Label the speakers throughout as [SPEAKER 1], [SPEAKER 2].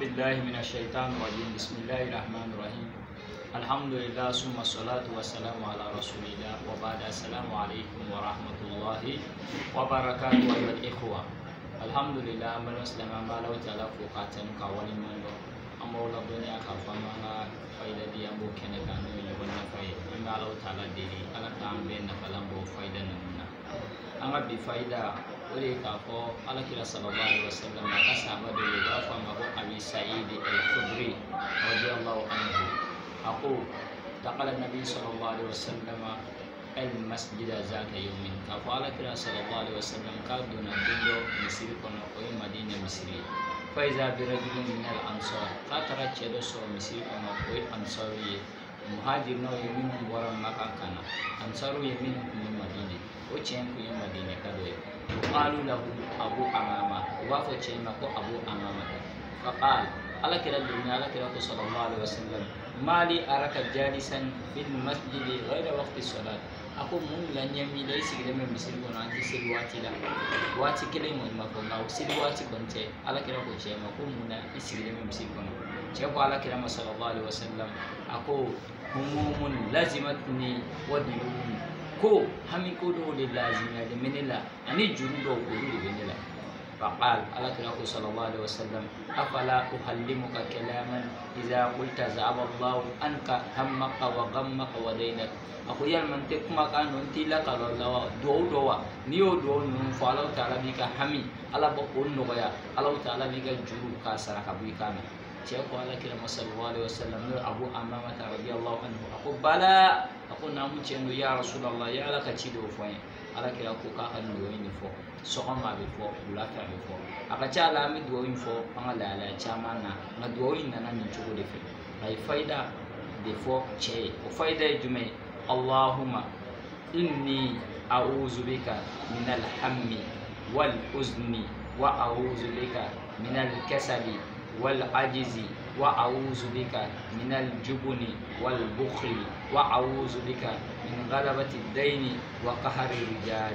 [SPEAKER 1] بالله من الشيطان الرجيم بسم الله الرحمن الرحيم الحمد لله ثم الصلاة والسلام على رسول الله وبعد السلام عليكم ورحمة الله وبركاته أيها الإخوة الحمد لله من أسلم ما لو تلف قاتن قوانين من أمر الدنيا كفما فإذا دي أمو كان كانوا يلبون إما الله تعالى دي ألا تعمل نفلا بو فائدة نمو أما بفايدة أوليك أبو على كلا صلى الله عليه وسلم ما كسب أبو لباف ما هو أبي سعيد الخضري رضي الله عنه أقول تقال النبي صلى الله عليه وسلم المسجد ذات يوم كفو على كلا صلى الله عليه وسلم قال كابدون الدنيا مصري كنا أي مدينة مصري فإذا برجل من الأنصار قاتل شدوس مصري كنا أي أنصارية muhajir na yaminu waran kana ansaru ya min madina ochen ku yin madina kadoye qalu lahu abu amama wa fa chema ko abu amama faqala على كلا الدنيا على كلا صلى الله عليه وسلم ما لي أراك جالسا في المسجد غير وقت الصلاة أكو من لن يمي ليس كده من مسير وانا أنت سير واتي لا واتي كده من ما كنا وسير واتي كنت على كلا كنت ما كو من ليس كده من مسير وانا شاب على كلا صلى الله عليه وسلم أكو هموم لازمتني وديون ko hami ko dɔw de lazimiya de mɛ ne la ani juru dɔw olu de bɛ ne la فقال قالت له صلى الله عليه وسلم أفلا أكلمك كلاما إذا قلت زعب الله أنك همك وغمك ودينك أخويا المنطق ما كان ننتي لك لو دو دو نيو دو نون تعالى بك حمي ألا بقول نغيا ألا تعالى بك جروب كاسرك بك شيخ على كلمة صلى الله عليه وسلم أبو أمامة رضي الله عنه أقول بلى أقول نعم تشنو يا رسول الله يا لك تشيدو فوين على كلمة كوكا نوين فو سوغان ما بفو ولا كا بفو أقا تشا لا مي دوين فو أنا لا لا تشا مانا ما دوين أنا من تشوكو دي فين أي فايدة دي فو تشي وفايدة جمعي اللهم إني أعوذ بك من الحم والحزن وأعوذ بك من الكسل والعجز وأعوذ بك من الجبن والبخل وأعوذ بك من غلبة الدين وقهر الرجال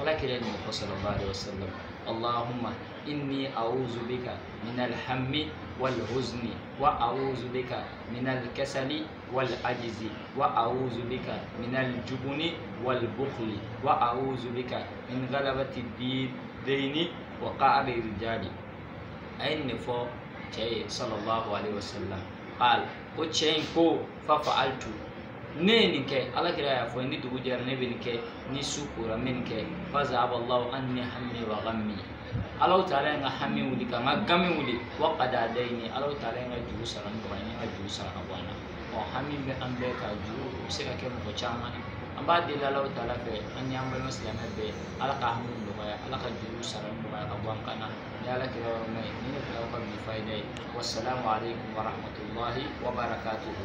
[SPEAKER 1] ولكن المصطفى صلى الله عليه وسلم اللهم إني أعوذ بك من الهم والحزن وأعوذ بك من الكسل والعجز وأعوذ بك من الجبن والبخل وأعوذ بك من غلبة الدين وقعر الرجال ayin ne fɔ cɛ ye sallallahu alaihi wasallam qal ko cɛ in ko fa fa'altu ne ye nin kɛ alakira y'a fɔ ni dugu jɛra ne bɛ nin kɛ ni su kora n bɛ nin kɛ fa zaaba allahu anni hammi wa ghammi alaw taala ye n ka hami wuli ka n ka gami wuli wa qada dayni alaw taala n ka juru sara n dɔgɔya ye n ka juru sara ka bɔ n na ɔ hami bɛ an bɛɛ ka juru o bɛ se ka kɛ mɔgɔ caman na amba di la law ta la fe mas yam be ala ka hum do ba ala ka ju salam ba ka bon kana ya la ki law mai ni ka ko bi fayde wassalamu alaikum warahmatullahi wabarakatuh.